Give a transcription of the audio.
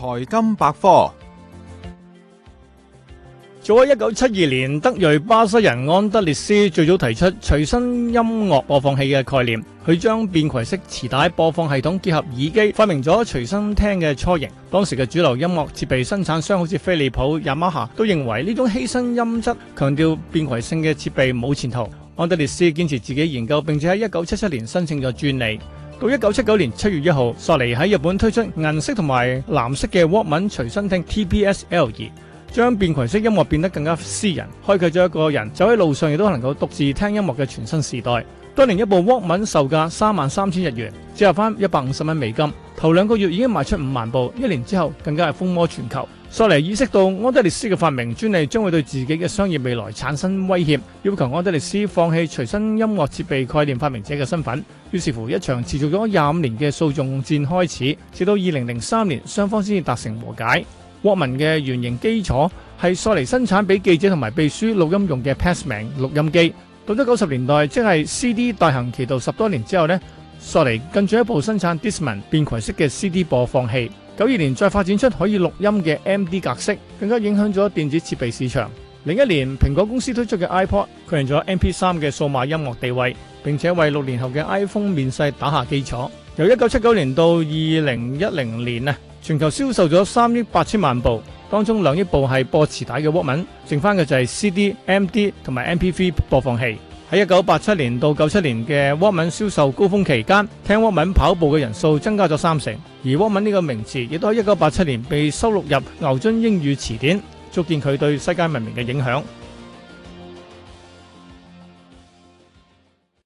財金百科。早喺一九七二年，德裔巴西人安德烈斯最早提出隨身音樂播放器嘅概念，佢將便攜式磁帶播放系統結合耳機，發明咗隨身聽嘅雛形。當時嘅主流音樂設備生產商好似飛利浦、雅馬哈都認為呢種犧牲音質、強調便攜性嘅設備冇前途。安德烈斯堅持自己研究，並且喺一九七七年申請咗專利。到一九七九年七月一號，索尼喺日本推出銀色同埋藍色嘅 Walkman 隨身聽 TPSL 二。將便攜式音樂變得更加私人，開啟咗一個人走喺路上亦都能夠獨自聽音樂嘅全新時代。當年一部 Walkman 售價三萬三千日元，折合翻一百五十蚊美金，頭兩個月已經賣出五萬部，一年之後更加係風靡全球。索尼意識到安德烈斯嘅發明專利將會對自己嘅商業未來產生威脅，要求安德烈斯放棄隨身音樂設備概念發明者嘅身份。於是乎，一場持續咗廿五年嘅訴訟戰開始，直到二零零三年，雙方先至達成和解。國民嘅原型基礎係索尼生產俾記者同埋秘書錄音用嘅 Pressman 錄音機。到咗九十年代，即係 CD 大行其道十多年之後咧，索尼更進一步生產 Discman 便攜式嘅 CD 播放器。九二年再發展出可以錄音嘅 MD 格式，更加影響咗電子設備市場。零一年，蘋果公司推出嘅 iPod 確認咗 MP 三嘅數碼音樂地位，並且為六年後嘅 iPhone 面世打下基礎。由一九七九年到二零一零年啊！全球銷售咗三億八千萬部，當中兩億部係播磁帶嘅 walkman，剩翻嘅就係 CD、MD 同埋 MPV 播放器。喺一九八七年到九七年嘅 walkman 銷售高峰期間，聽 walkman 跑步嘅人數增加咗三成，而 walkman 呢個名詞亦都喺一九八七年被收錄入牛津英語詞典，足見佢對世界文明嘅影響。